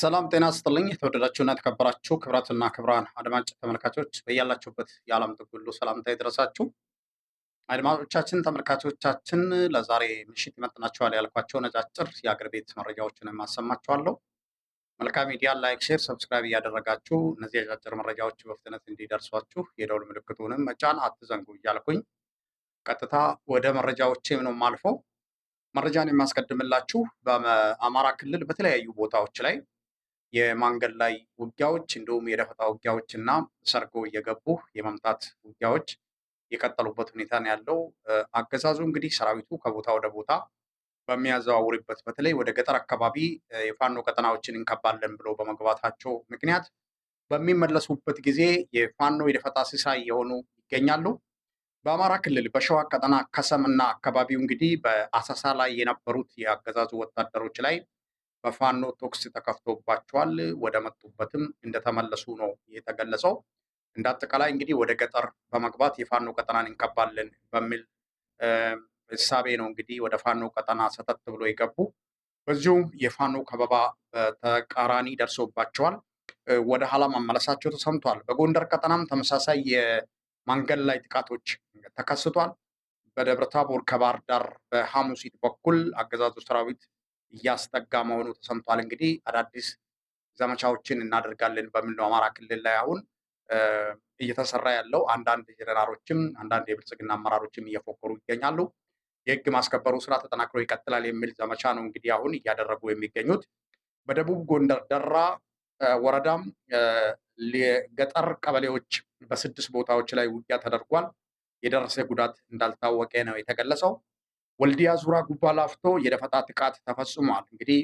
ሰላም ጤና ስጥልኝ። የተወደዳችሁና የተከበራችሁ ክብራትና ክብራን አድማጭ ተመልካቾች በያላችሁበት የዓለም ጥግ ሁሉ ሰላምታ ይድረሳችሁ። አድማጮቻችን፣ ተመልካቾቻችን ለዛሬ ምሽት ይመጥናችኋል ያልኳቸው ነጫጭር የአገር ቤት መረጃዎችን የማሰማችኋለሁ። መልካም ሚዲያ ላይክ፣ ሼር፣ ሰብስክራይብ እያደረጋችሁ እነዚህ አጫጭር መረጃዎች በፍጥነት እንዲደርሷችሁ የደውል ምልክቱንም መጫን አትዘንጉ እያልኩኝ ቀጥታ ወደ መረጃዎች ነው ማልፈው። መረጃን የማስቀድምላችሁ በአማራ ክልል በተለያዩ ቦታዎች ላይ የማንገድ ላይ ውጊያዎች እንዲሁም የደፈጣ ውጊያዎች እና ሰርጎ እየገቡ የመምታት ውጊያዎች የቀጠሉበት ሁኔታ ነው ያለው። አገዛዙ እንግዲህ ሰራዊቱ ከቦታ ወደ ቦታ በሚያዘዋውርበት በተለይ ወደ ገጠር አካባቢ የፋኖ ቀጠናዎችን እንከባለን ብሎ በመግባታቸው ምክንያት በሚመለሱበት ጊዜ የፋኖ የደፈጣ ሲሳይ የሆኑ ይገኛሉ። በአማራ ክልል በሸዋ ቀጠና ከሰም እና አካባቢው እንግዲህ በአሰሳ ላይ የነበሩት የአገዛዙ ወታደሮች ላይ በፋኖ ቶክስ ተከፍቶባቸዋል። ወደ መጡበትም እንደተመለሱ ነው የተገለጸው። እንደ አጠቃላይ እንግዲህ ወደ ገጠር በመግባት የፋኖ ቀጠናን እንከባለን በሚል እሳቤ ነው እንግዲህ ወደ ፋኖ ቀጠና ሰተት ብሎ የገቡ በዚሁም የፋኖ ከበባ ተቃራኒ ደርሶባቸዋል። ወደ ኋላ መመለሳቸው ተሰምቷል። በጎንደር ቀጠናም ተመሳሳይ የማንገድ ላይ ጥቃቶች ተከስቷል። በደብረታቦር ከባህር ዳር በሐሙሲት በኩል አገዛዙ ሰራዊት እያስጠጋ መሆኑ ተሰምቷል። እንግዲህ አዳዲስ ዘመቻዎችን እናደርጋለን በሚል ነው አማራ ክልል ላይ አሁን እየተሰራ ያለው። አንዳንድ ጀነራሎችም አንዳንድ የብልጽግና አመራሮችም እየፎከሩ ይገኛሉ። የህግ ማስከበሩ ስራ ተጠናክሮ ይቀጥላል የሚል ዘመቻ ነው እንግዲህ አሁን እያደረጉ የሚገኙት። በደቡብ ጎንደር ደራ ወረዳም የገጠር ቀበሌዎች በስድስት ቦታዎች ላይ ውጊያ ተደርጓል። የደረሰ ጉዳት እንዳልታወቀ ነው የተገለጸው። ወልዲያ ዙራ ጉባ ላፍቶ የደፈጣ ጥቃት ተፈጽሟል። እንግዲህ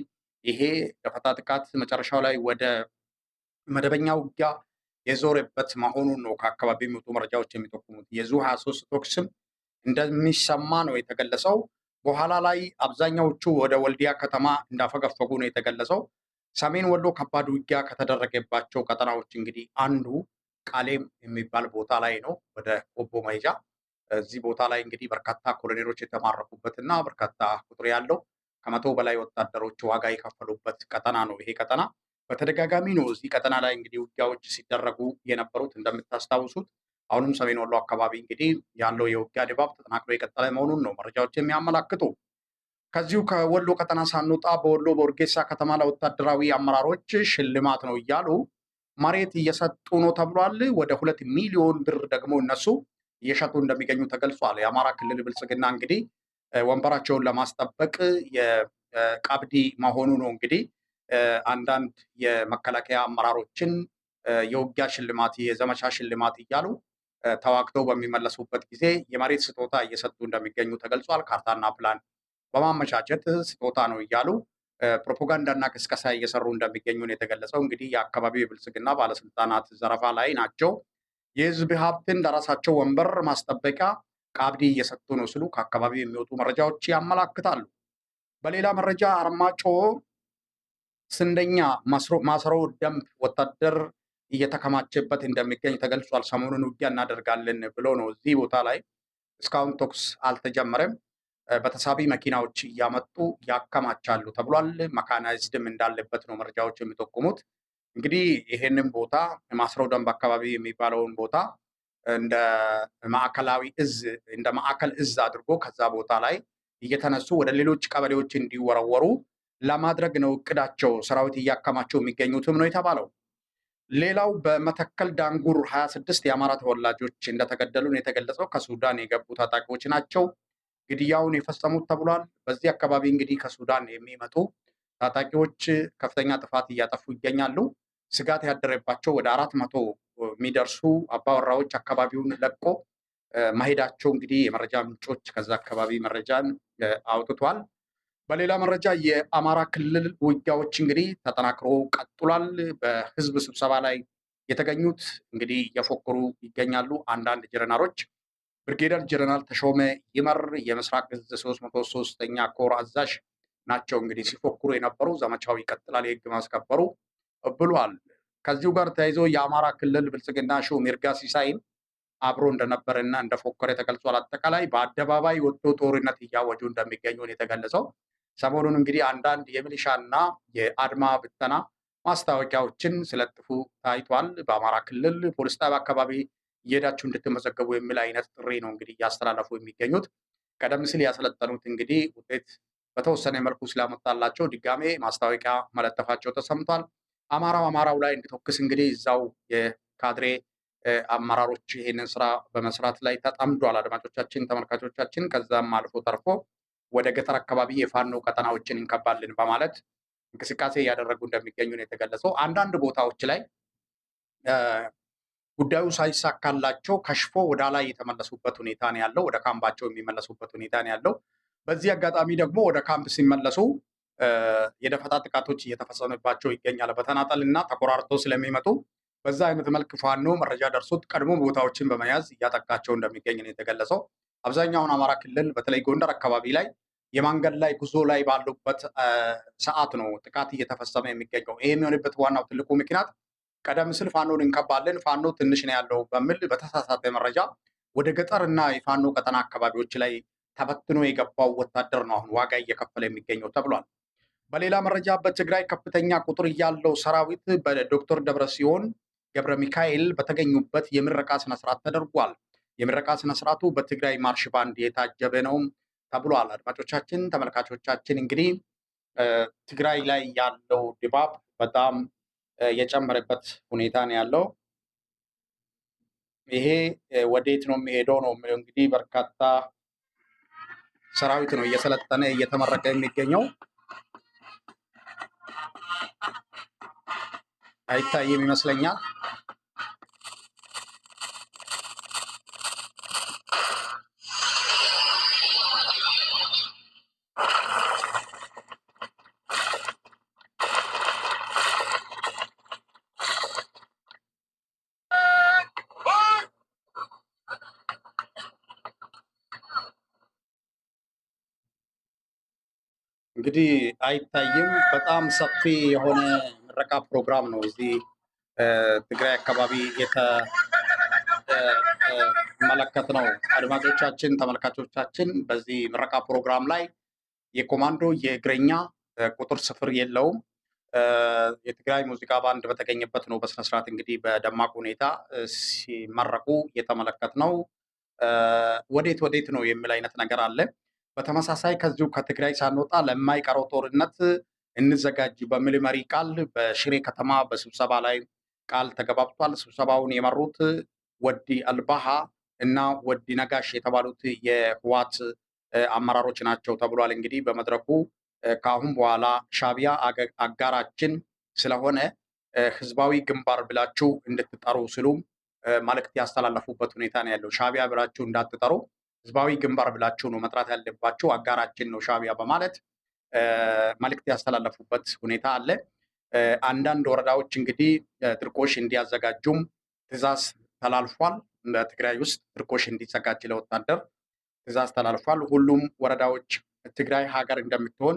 ይሄ ደፈጣ ጥቃት መጨረሻው ላይ ወደ መደበኛ ውጊያ የዞረበት መሆኑን ነው ከአካባቢ የሚወጡ መረጃዎች የሚጠቁሙት። የዙ 23 ቶክስም እንደሚሰማ ነው የተገለጸው። በኋላ ላይ አብዛኛዎቹ ወደ ወልዲያ ከተማ እንዳፈገፈጉ ነው የተገለጸው። ሰሜን ወሎ ከባድ ውጊያ ከተደረገባቸው ቀጠናዎች እንግዲህ አንዱ ቃሌም የሚባል ቦታ ላይ ነው ወደ ቆቦ መሄጃ እዚህ ቦታ ላይ እንግዲህ በርካታ ኮሎኔሎች የተማረኩበት እና በርካታ ቁጥር ያለው ከመቶ በላይ ወታደሮች ዋጋ የከፈሉበት ቀጠና ነው። ይሄ ቀጠና በተደጋጋሚ ነው። እዚህ ቀጠና ላይ እንግዲህ ውጊያዎች ሲደረጉ የነበሩት እንደምታስታውሱት፣ አሁንም ሰሜን ወሎ አካባቢ እንግዲህ ያለው የውጊያ ድባብ ተጠናክሮ የቀጠለ መሆኑን ነው መረጃዎች የሚያመላክቱ። ከዚሁ ከወሎ ቀጠና ሳንወጣ በወሎ በኦርጌሳ ከተማ ለወታደራዊ አመራሮች ሽልማት ነው እያሉ መሬት እየሰጡ ነው ተብሏል። ወደ ሁለት ሚሊዮን ብር ደግሞ እነሱ እየሸጡ እንደሚገኙ ተገልጿል። የአማራ ክልል ብልጽግና እንግዲህ ወንበራቸውን ለማስጠበቅ የቃብዲ መሆኑ ነው እንግዲህ አንዳንድ የመከላከያ አመራሮችን የውጊያ ሽልማት፣ የዘመቻ ሽልማት እያሉ ተዋግተው በሚመለሱበት ጊዜ የመሬት ስጦታ እየሰጡ እንደሚገኙ ተገልጿል። ካርታና ፕላን በማመቻቸት ስጦታ ነው እያሉ ፕሮፓጋንዳና ቅስቀሳ እየሰሩ እንደሚገኙ ነው የተገለጸው። እንግዲህ የአካባቢው የብልጽግና ባለስልጣናት ዘረፋ ላይ ናቸው። የህዝብ ሀብትን ለራሳቸው ወንበር ማስጠበቂያ ቃብዲ እየሰጡ ነው ሲሉ ከአካባቢው የሚወጡ መረጃዎች ያመላክታሉ። በሌላ መረጃ አርማጮ ስንደኛ ማሰሮ ደንብ ወታደር እየተከማቸበት እንደሚገኝ ተገልጿል። ሰሞኑን ውጊያ እናደርጋለን ብሎ ነው። እዚህ ቦታ ላይ እስካሁን ተኩስ አልተጀመረም። በተሳቢ መኪናዎች እያመጡ ያከማቻሉ ተብሏል። መካናይዝድም እንዳለበት ነው መረጃዎች የሚጠቁሙት። እንግዲህ ይሄንን ቦታ ማስረው ደንብ አካባቢ የሚባለውን ቦታ እንደ ማዕከላዊ እዝ እንደ ማዕከል እዝ አድርጎ ከዛ ቦታ ላይ እየተነሱ ወደ ሌሎች ቀበሌዎች እንዲወረወሩ ለማድረግ ነው እቅዳቸው። ሰራዊት እያከማቸው የሚገኙትም ነው የተባለው። ሌላው በመተከል ዳንጉር ሀያ ስድስት የአማራ ተወላጆች እንደተገደሉ ነው የተገለጸው። ከሱዳን የገቡ ታጣቂዎች ናቸው ግድያውን የፈጸሙት ተብሏል። በዚህ አካባቢ እንግዲህ ከሱዳን የሚመጡ ታጣቂዎች ከፍተኛ ጥፋት እያጠፉ ይገኛሉ። ስጋት ያደረባቸው ወደ አራት መቶ የሚደርሱ አባወራዎች አካባቢውን ለቆ መሄዳቸው እንግዲህ የመረጃ ምንጮች ከዛ አካባቢ መረጃን አውጥቷል። በሌላ መረጃ የአማራ ክልል ውጊያዎች እንግዲህ ተጠናክሮ ቀጥሏል። በህዝብ ስብሰባ ላይ የተገኙት እንግዲህ እየፎከሩ ይገኛሉ አንዳንድ ጀነራሎች። ብርጌደር ጀነራል ተሾመ ይመር የምስራቅ እዝ ሶስት መቶ ሶስተኛ ኮር አዛዥ ናቸው። እንግዲህ ሲፎክሩ የነበሩ ዘመቻው ይቀጥላል፣ የህግ ማስከበሩ ብሏል። ከዚሁ ጋር ተያይዞ የአማራ ክልል ብልጽግና ሹ ሚርጋ ሲሳይም አብሮ እንደነበረና እንደፎከረ ተገልጿል። አጠቃላይ በአደባባይ ወጥቶ ጦርነት እያወጁ እንደሚገኙን የተገለጸው ሰሞኑን እንግዲህ አንዳንድ የሚሊሻና የአድማ ብተና ማስታወቂያዎችን ሲለጥፉ ታይቷል። በአማራ ክልል ፖሊስ ጣቢያ አካባቢ እየሄዳችሁ እንድትመዘገቡ የሚል አይነት ጥሪ ነው እንግዲህ እያስተላለፉ የሚገኙት። ቀደም ሲል ያሰለጠኑት እንግዲህ ውጤት በተወሰነ መልኩ ስላመጣላቸው ድጋሜ ማስታወቂያ መለጠፋቸው ተሰምቷል። አማራው አማራው ላይ እንዲተኩስ እንግዲህ እዛው የካድሬ አመራሮች ይሄንን ስራ በመስራት ላይ ተጠምዷል። አድማጮቻችን፣ ተመልካቾቻችን ከዛም አልፎ ተርፎ ወደ ገጠር አካባቢ የፋኖ ቀጠናዎችን እንከባልን በማለት እንቅስቃሴ እያደረጉ እንደሚገኙ ነው የተገለጸው። አንዳንድ ቦታዎች ላይ ጉዳዩ ሳይሳካላቸው ከሽፎ ወደ ላይ የተመለሱበት ሁኔታ ነው ያለው። ወደ ካምባቸው የሚመለሱበት ሁኔታ ነው ያለው። በዚህ አጋጣሚ ደግሞ ወደ ካምፕ ሲመለሱ የደፈጣ ጥቃቶች እየተፈጸመባቸው ይገኛል። በተናጠል እና ተቆራርቶ ስለሚመጡ በዛ አይነት መልክ ፋኖ መረጃ ደርሶት ቀድሞ ቦታዎችን በመያዝ እያጠቃቸው እንደሚገኝ ነው የተገለጸው። አብዛኛውን አማራ ክልል በተለይ ጎንደር አካባቢ ላይ የማንገድ ላይ ጉዞ ላይ ባሉበት ሰዓት ነው ጥቃት እየተፈጸመ የሚገኘው። ይህ የሚሆንበት ዋናው ትልቁ ምክንያት ቀደም ሲል ፋኖን እንከባለን፣ ፋኖ ትንሽ ነው ያለው በሚል በተሳሳተ መረጃ ወደ ገጠር እና የፋኖ ቀጠና አካባቢዎች ላይ ተበትኖ የገባው ወታደር ነው አሁን ዋጋ እየከፈለ የሚገኘው ተብሏል። በሌላ መረጃ በትግራይ ከፍተኛ ቁጥር ያለው ሰራዊት በዶክተር ደብረጽዮን ገብረ ሚካኤል በተገኙበት የምረቃ ስነስርዓት ተደርጓል። የምረቃ ስነስርዓቱ በትግራይ ማርሽ ባንድ የታጀበ ነው ተብሏል። አድማጮቻችን፣ ተመልካቾቻችን እንግዲህ ትግራይ ላይ ያለው ድባብ በጣም የጨመረበት ሁኔታ ነው ያለው። ይሄ ወዴት ነው የሚሄደው ነው የሚለው እንግዲህ በርካታ ሰራዊት ነው እየሰለጠነ እየተመረቀ የሚገኘው። Ahí está Jimmy, no leña. እንግዲህ አይታይም። በጣም ሰፊ የሆነ ምረቃ ፕሮግራም ነው እዚህ ትግራይ አካባቢ የተመለከት ነው። አድማጮቻችን፣ ተመልካቾቻችን በዚህ ምረቃ ፕሮግራም ላይ የኮማንዶ የእግረኛ ቁጥር ስፍር የለውም። የትግራይ ሙዚቃ ባንድ በተገኘበት ነው በስነስርዓት እንግዲህ በደማቅ ሁኔታ ሲመረቁ የተመለከት ነው። ወዴት ወዴት ነው የሚል አይነት ነገር አለ። በተመሳሳይ ከዚሁ ከትግራይ ሳንወጣ ለማይቀረው ጦርነት እንዘጋጅ በሚል መሪ ቃል በሽሬ ከተማ በስብሰባ ላይ ቃል ተገባብቷል። ስብሰባውን የመሩት ወዲ አልባሃ እና ወዲ ነጋሽ የተባሉት የህዋት አመራሮች ናቸው ተብሏል። እንግዲህ በመድረኩ ከአሁን በኋላ ሻቢያ አጋራችን ስለሆነ ህዝባዊ ግንባር ብላችሁ እንድትጠሩ ሲሉም መልእክት ያስተላለፉበት ሁኔታ ነው ያለው። ሻቢያ ብላችሁ እንዳትጠሩ ህዝባዊ ግንባር ብላቸው ነው መጥራት ያለባቸው፣ አጋራችን ነው ሻቢያ በማለት መልእክት ያስተላለፉበት ሁኔታ አለ። አንዳንድ ወረዳዎች እንግዲህ ድርቆሽ እንዲያዘጋጁም ትእዛዝ ተላልፏል። በትግራይ ውስጥ ድርቆሽ እንዲዘጋጅ ለወታደር ትእዛዝ ተላልፏል። ሁሉም ወረዳዎች ትግራይ ሀገር እንደምትሆን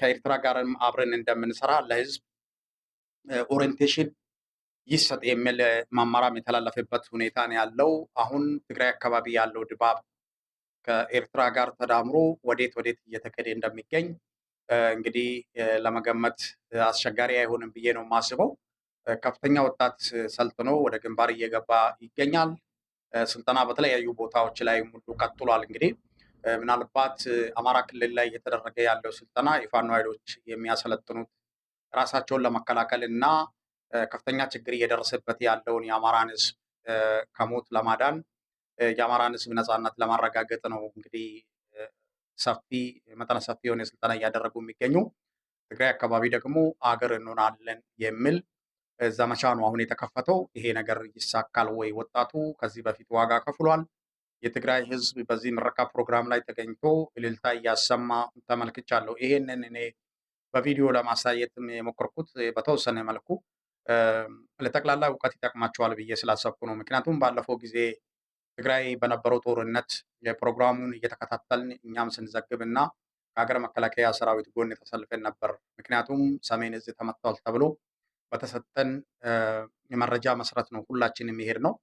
ከኤርትራ ጋርም አብረን እንደምንሰራ ለህዝብ ኦሪንቴሽን ይሰጥ የሚል ማማራም የተላለፈበት ሁኔታ ነው ያለው። አሁን ትግራይ አካባቢ ያለው ድባብ ከኤርትራ ጋር ተዳምሮ ወዴት ወዴት እየተከደ እንደሚገኝ እንግዲህ ለመገመት አስቸጋሪ አይሆንም ብዬ ነው የማስበው። ከፍተኛ ወጣት ሰልጥኖ ወደ ግንባር እየገባ ይገኛል። ስልጠና በተለያዩ ቦታዎች ላይ ሙሉ ቀጥሏል። እንግዲህ ምናልባት አማራ ክልል ላይ እየተደረገ ያለው ስልጠና የፋኖ ኃይሎች የሚያሰለጥኑት ራሳቸውን ለመከላከል እና ከፍተኛ ችግር እየደረሰበት ያለውን የአማራን ህዝብ ከሞት ለማዳን የአማራን ህዝብ ነፃነት ለማረጋገጥ ነው እንግዲህ ሰፊ መጠነ ሰፊ የሆነ ስልጠና እያደረጉ የሚገኙ ትግራይ አካባቢ ደግሞ አገር እንሆናለን የሚል ዘመቻ ነው አሁን የተከፈተው። ይሄ ነገር ይሳካል ወይ? ወጣቱ ከዚህ በፊት ዋጋ ከፍሏል። የትግራይ ህዝብ በዚህ ምረቃ ፕሮግራም ላይ ተገኝቶ እልልታ እያሰማ ተመልክቻለሁ። ይሄንን እኔ በቪዲዮ ለማሳየትም የሞከርኩት በተወሰነ መልኩ ለጠቅላላ እውቀት ይጠቅማቸዋል ብዬ ስላሰብኩ ነው። ምክንያቱም ባለፈው ጊዜ ትግራይ በነበረው ጦርነት የፕሮግራሙን እየተከታተልን እኛም ስንዘግብ እና ከሀገር መከላከያ ሰራዊት ጎን የተሰልፈን ነበር። ምክንያቱም ሰሜን እዝ ተመቷል ተብሎ በተሰጠን የመረጃ መሰረት ነው ሁላችንም የሚሄድ ነው።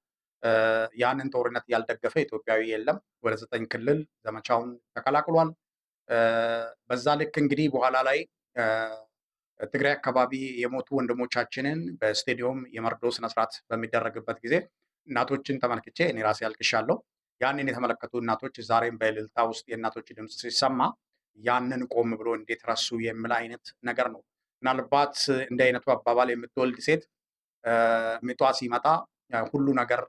ያንን ጦርነት ያልደገፈ ኢትዮጵያዊ የለም። ወደ ዘጠኝ ክልል ዘመቻውን ተቀላቅሏል። በዛ ልክ እንግዲህ በኋላ ላይ ትግራይ አካባቢ የሞቱ ወንድሞቻችንን በስቴዲየም የመርዶ ስነስርዓት በሚደረግበት ጊዜ እናቶችን ተመልክቼ እኔ ራሴ አልቅሻለሁ። ያንን የተመለከቱ እናቶች ዛሬም በእልልታ ውስጥ የእናቶች ድምፅ ሲሰማ ያንን ቆም ብሎ እንዴት ረሱ የሚል አይነት ነገር ነው። ምናልባት እንደ አይነቱ አባባል የምትወልድ ሴት ምጧ ሲመጣ ሁሉ ነገር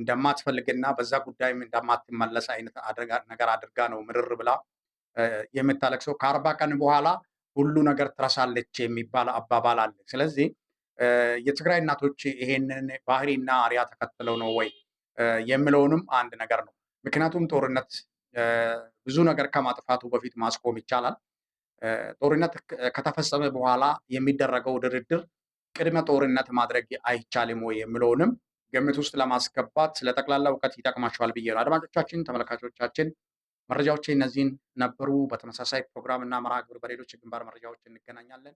እንደማትፈልግና በዛ ጉዳይም እንደማትመለስ አይነት ነገር አድርጋ ነው ምርር ብላ የምታለቅሰው ከአርባ ቀን በኋላ ሁሉ ነገር ትረሳለች የሚባል አባባል አለ። ስለዚህ የትግራይ እናቶች ይሄንን ባህሪና አሪያ ተከትለው ነው ወይ የምለውንም አንድ ነገር ነው። ምክንያቱም ጦርነት ብዙ ነገር ከማጥፋቱ በፊት ማስቆም ይቻላል። ጦርነት ከተፈጸመ በኋላ የሚደረገው ድርድር ቅድመ ጦርነት ማድረግ አይቻልም ወይ የምለውንም ግምት ውስጥ ለማስገባት ስለ ጠቅላላ እውቀት ይጠቅማቸዋል ብዬ ነው። አድማጮቻችን፣ ተመልካቾቻችን መረጃዎች እነዚህን ነበሩ። በተመሳሳይ ፕሮግራም እና መርሃ ግብር በሌሎች የግንባር መረጃዎች እንገናኛለን።